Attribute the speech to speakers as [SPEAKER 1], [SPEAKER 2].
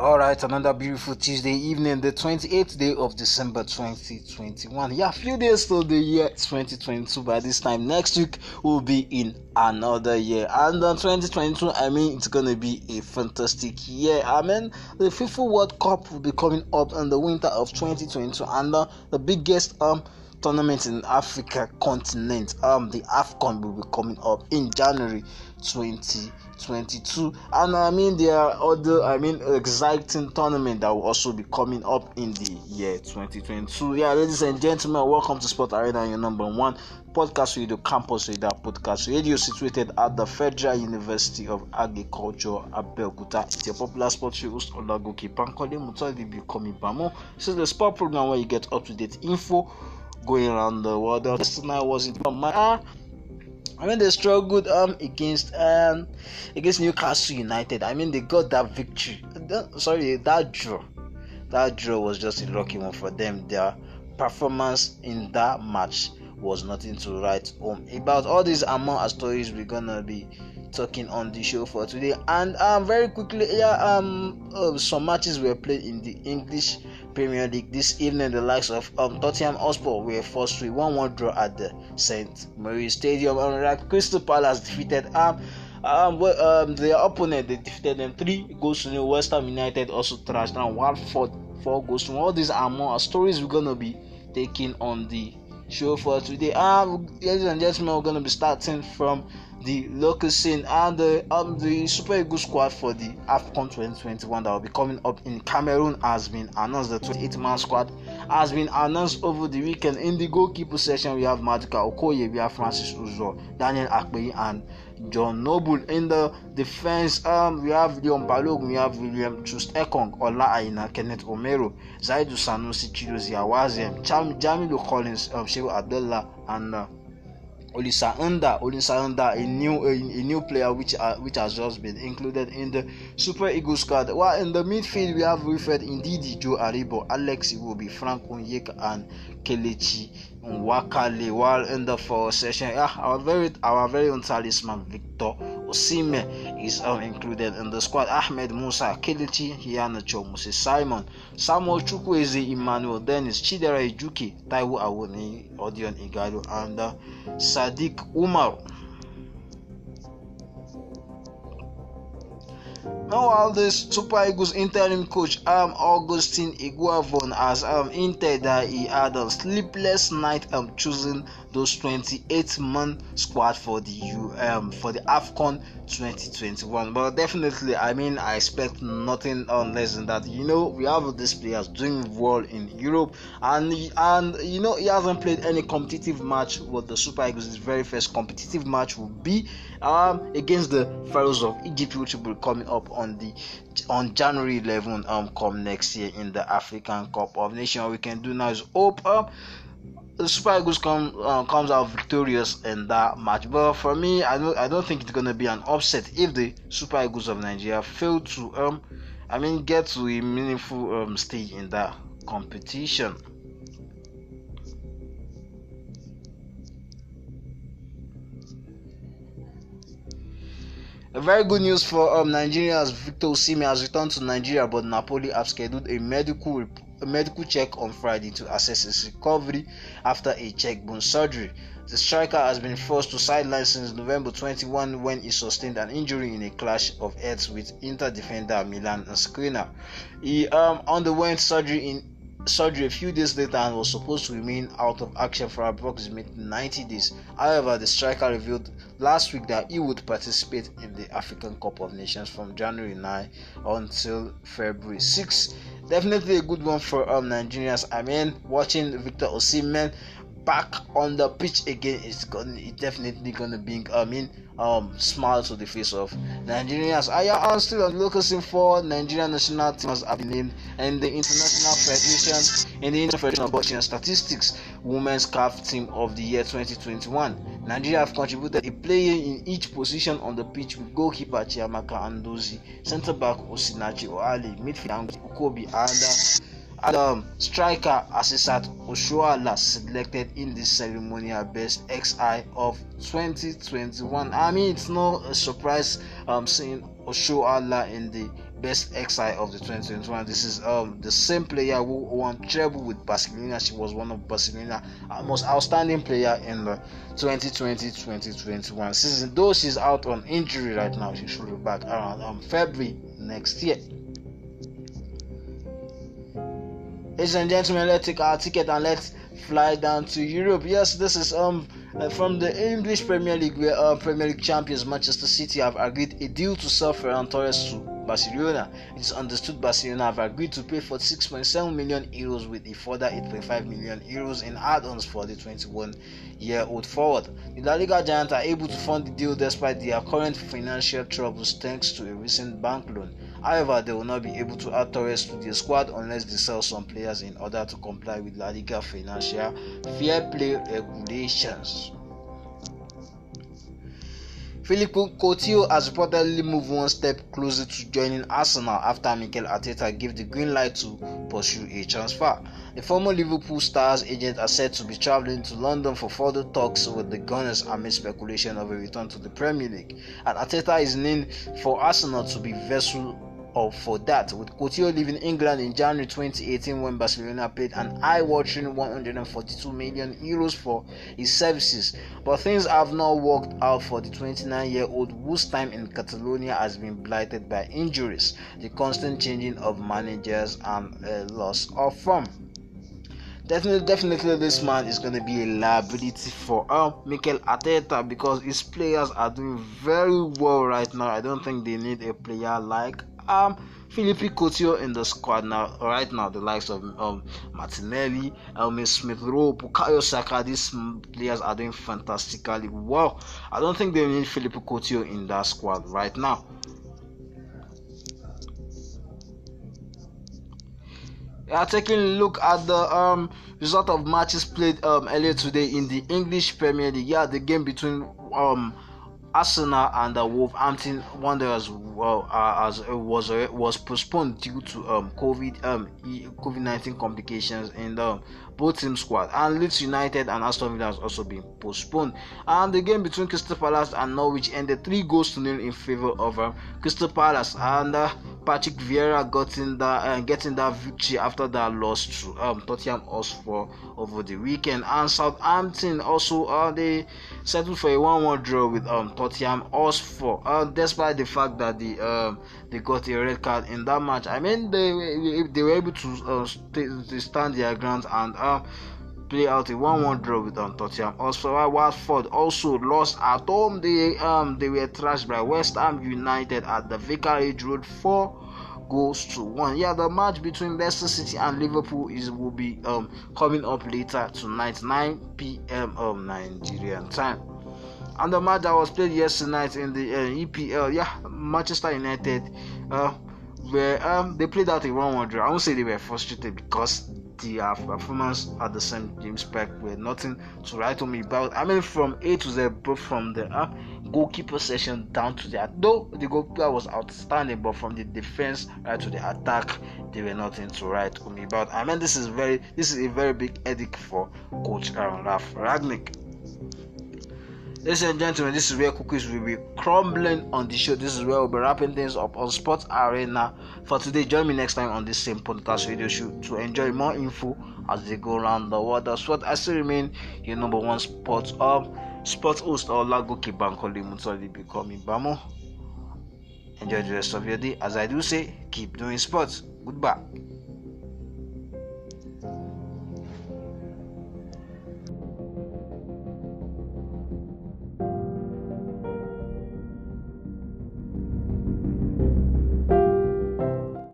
[SPEAKER 1] All right, another beautiful Tuesday evening, the 28th day of December 2021. Yeah, a few days till the year 2022. By this time next week, we'll be in another year. And on 2022, I mean, it's gonna be a fantastic year. I mean, the FIFA World Cup will be coming up in the winter of 2022, and uh, the biggest um tournament in Africa continent, um, the AFCON will be coming up in January 2022. And I mean, there are other, I mean, exciting tournament that will also be coming up in the year 2022. Yeah, ladies and gentlemen, welcome to Sport Arena, your number one podcast radio, campus radio podcast radio, situated at the Federal University of Agriculture, Abeokuta. It's your popular sports host, Olagoke Pankole Mutali Bikomi Bamo. This is the sport program where you get up to date info going around the world. Tonight was in my ah, I mean, they struggled um against um against Newcastle United. I mean, they got that victory. Sorry, that draw. That draw was just a lucky one for them. Their performance in that match was nothing to write home about. All these and more stories we're gonna be talking on the show for today. And um, very quickly, yeah, um, uh, some matches were played in the English Premier League this evening. The likes of um, Tottenham Hotspur were forced to a 1-1 draw at the St. Mary's Stadium. And like Crystal Palace defeated um, um, well, um, their opponent. They defeated them three goals to the West Ham United also thrashed down one four four goals to All these are more stories we're gonna be taking on the show for today. Um, ladies and gentlemen, we're gonna be starting from the local scene and the um the super eagle squad for the AFCON 2021 that will be coming up in Cameroon has been announced. The 28 man squad has been announced over the weekend. In the goalkeeper session, we have Maduka Okoye, we have Francis Uzo, Daniel Akpeyi, and John Noble. In the defense, um, we have Leon Balog, we have William Chust Ekong, Ola Aina, Kenneth Omero, Zaidu Sanusi, Chidozi Awazem, Jamilu Collins, um, Shehu Abdullah, and uh, Olisa Anda, Olisa Anda, a new a, a new player which uh, which has just been included in the Super Eagles squad. While in the midfield we have Wilfred indeed Joe Aribo, Alex will be Frank Onyeka, and Kelechi Nwakale. While in the fourth session, yeah, our very our very own talisman Victor Osime is um, included in the squad. Ahmed Musa, Keleti Hianacho, Chomusi, Simon, Samuel Chukwueze, Emmanuel Dennis, Chidera Ijuki, Taiwo Awoni, Odion Igalo, and uh, Sadiq Umar. all this Super Eagles interim coach um, Augustine Iguavon has um, hinted that he had a sleepless night um, choosing those 28 man squad for the um for the AFCON 2021. But definitely, I mean, I expect nothing less than that. You know, we have these players doing well in Europe, and and you know he hasn't played any competitive match with the Super Eagles. His very first competitive match will be um against the Pharaohs of Egypt, which will be coming up on the on January 11 um come next year in the African Cup of Nations. All we can do now is hope the Super Eagles come uh, comes out victorious in that match. But for me, I don't I don't think it's gonna be an upset if the Super Eagles of Nigeria fail to um, I mean, get to a meaningful um stage in that competition. A very good news for um, Nigeria as Victor Osimhen has returned to Nigeria, but Napoli have scheduled a medical a medical check on Friday to assess his recovery after a cheekbone surgery. The striker has been forced to sideline since November 21 when he sustained an injury in a clash of heads with Inter defender Milan Skriniar. He um, underwent surgery in surgery a few days later and was supposed to remain out of action for approximately 90 days. However, the striker revealed last week that he would participate in the African Cup of Nations from January 9 until February 6. Definitely a good one for um, Nigerians. I mean, watching Victor Osimhen back on the pitch again is going it's definitely going to bring I mean um smile to the face of Nigerians. I am still Locasin for Nigerian national team has been named in the International Federation in the International Boxing and Statistics Women's CAF Team of the Year 2021. Nigeria have contributed a player in each position on the pitch with goalkeeper Chiamaka Andozi, centre back Osinachi Oali, midfielder Ukobi Ada and um, striker Asisat Oshuala selected in the ceremonial best XI of 2021. I mean, it's no uh, surprise um, seeing Oshuala in the best XI of the 2021. This is um, the same player who won treble with Barcelona. She was one of Barcelona's most outstanding player in the 2020-2021 season. Though she's out on injury right now, she should be back around um, February next year. Ladies and gentlemen, let's take our ticket and let's fly down to Europe. Yes, this is um uh, from the English Premier League, where uh, Premier League champions Manchester City have agreed a deal to sell Ferran Torres to Barcelona. It is understood Barcelona have agreed to pay 6.7 million euros with a further 8.5 million euros in add-ons for the 21-year-old forward. The La Liga giants are able to fund the deal despite their current financial troubles thanks to a recent bank loan. However, they will not be able to add Torres to the squad unless they sell some players in order to comply with La Liga financial fair play regulations. Filippo Coutinho has reportedly moved one step closer to joining Arsenal after Mikel Arteta gave the green light to pursue a transfer. The former Liverpool Stars agent is said to be travelling to London for further talks with the Gunners amid speculation of a return to the Premier League, and Arteta is named for Arsenal to be vessel for that, with Coutinho leaving England in January 2018 when Barcelona paid an eye-watching 142 million euros for his services. But things have not worked out for the 29-year-old whose time in Catalonia has been blighted by injuries, the constant changing of managers, and a uh, loss of form definitely definitely this man is going to be a liability for uh, Mikel Arteta because his players are doing very well right now. I don't think they need a player like um Philippe Coutinho in the squad now right now the likes of um, Martinelli, Elmi Smith Rowe, Bukayo Saka these players are doing fantastically well. I don't think they need Philippe Coutinho in that squad right now. Yeah, taking a look at the um, result of matches played um, earlier today in the English Premier League. Yeah, the game between um, Arsenal and the uh, Wolverhampton Wanderers well, uh, as it uh, was uh, was postponed due to um, COVID um, COVID nineteen complications in the um, both team squad. And Leeds United and Aston Villa has also been postponed. And the game between Crystal Palace and Norwich ended three goals to nil in favour of uh, Crystal Palace. And uh, Patrick Vieira got in that uh, getting that victory after that loss to um, Tottenham Hotspur over the weekend. And Southampton also uh, they settled for a 1-1 draw with um, Tottenham Hotspur. Uh, despite the fact that the um, they got a red card in that match, I mean they they were able to, uh, stay, stand their ground and. Uh, uh, play out a 1-1 draw with um, Tottenham Hotspur. Watford also lost at home. They um they were thrashed by West Ham United at the Vicarage Road 4 goals to 1. Yeah, the match between Leicester City and Liverpool is will be um coming up later tonight 9 p.m. of um, Nigerian time. And the match that was played yesterday night in the uh, EPL, yeah, Manchester United uh where um they played out a 1-1 draw. I won't say they were frustrated because their uh, performance at the same James Park were nothing to write home about. I mean, from A to Z, both from the uh, goalkeeper session down to the though the goalkeeper was outstanding, but from the defense right to the attack, they were nothing to write home about. I mean, this is very this is a very big edit for Coach Aaron Ralph Ragnick. Ladies and gentlemen, this is where cookies will be crumbling on the show. This is where we'll be wrapping things up on Sports Arena for today. Join me next time on this same podcast radio show to enjoy more info as they go around the world. That's what I still remain your number one sports hub, um, sports host or Lagoki Bankole Mutoli becoming Bamo. Enjoy the rest of your day. As I do say, keep doing sports. Goodbye.